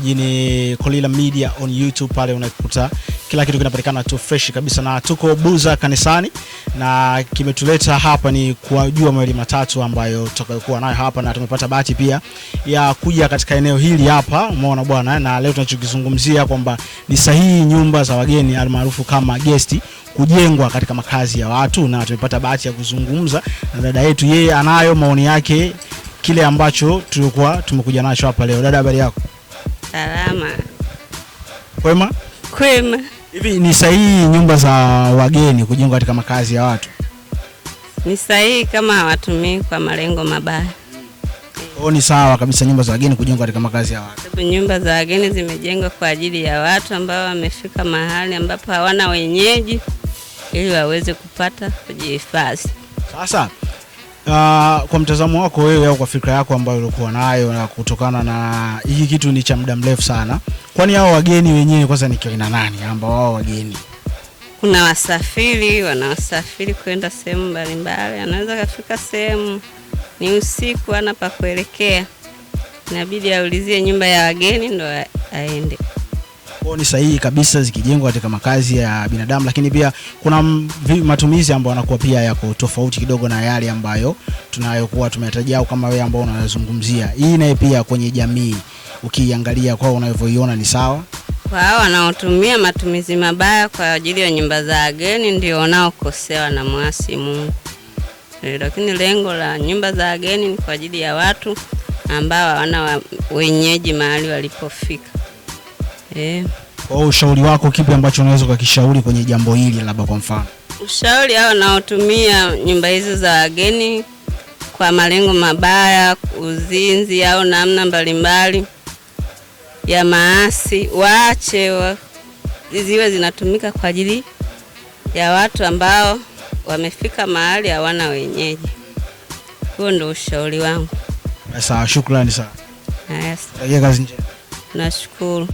mjini Kolila Media on YouTube, pale unakuta kila kitu kinapatikana tu fresh kabisa, na tuko Buza kanisani, na kimetuleta hapa ni kujua mawili matatu ambayo tutakayokuwa nayo hapa, na tumepata bahati pia ya kuja katika eneo hili hapa, umeona bwana, na leo tunachokizungumzia kwamba ni sahihi nyumba za wageni almaarufu kama guest kujengwa katika makazi ya watu, na tumepata bahati ya kuzungumza na dada yetu, yeye anayo maoni yake kile ambacho tulikuwa tumekuja nacho hapa leo. Dada, habari yako? Salama. Kwema? Kwema. Hivi ni sahihi nyumba za wageni kujengwa katika makazi ya watu? Ni sahihi kama hawatumii kwa malengo mabaya. Kwa ni sawa kabisa nyumba za wageni kujengwa katika makazi ya watu. Sababu nyumba za wageni zimejengwa kwa ajili ya watu ambao wamefika mahali ambapo hawana wenyeji ili waweze kupata kujihifadhi. Sasa Uh, kwa mtazamo wako wewe au kwa fikra yako ambayo ulikuwa nayo na kutokana na hiki kitu ni cha muda mrefu sana, kwani hao wageni wenyewe kwanza ni kina nani ambao wao wageni? Kuna wasafiri wanawasafiri kwenda sehemu mbalimbali, anaweza kafika sehemu ni usiku, ana pa kuelekea, inabidi aulizie nyumba ya wageni ndo aende kwao ni sahihi kabisa zikijengwa katika makazi ya binadamu, lakini pia kuna matumizi ambayo yanakuwa pia yako tofauti kidogo na yale ambayo tunayokuwa tumeyatarajia au kama wewe ambao unazungumzia hii naye pia kwenye jamii ukiangalia kwao unavyoiona ni sawa kwa hao wanaotumia matumizi mabaya kwa ajili ya nyumba za wageni ndio wanaokosewa na mwasi Mungu. Eh, lakini lengo la nyumba za wageni ni kwa ajili ya watu ambao hawana wenyeji mahali walipofika. Eh. Kwa ushauri wako kipi ambacho unaweza ukakishauri kwenye jambo hili labda kwa mfano? Ushauri hao naotumia nyumba hizo za wageni kwa malengo mabaya, uzinzi au namna mbalimbali ya maasi waache wa, ziwe zinatumika kwa ajili ya watu ambao wamefika mahali hawana wenyeji. Huo ndio ushauri wangu. Sawa, shukrani sana. Yes. Nashukuru.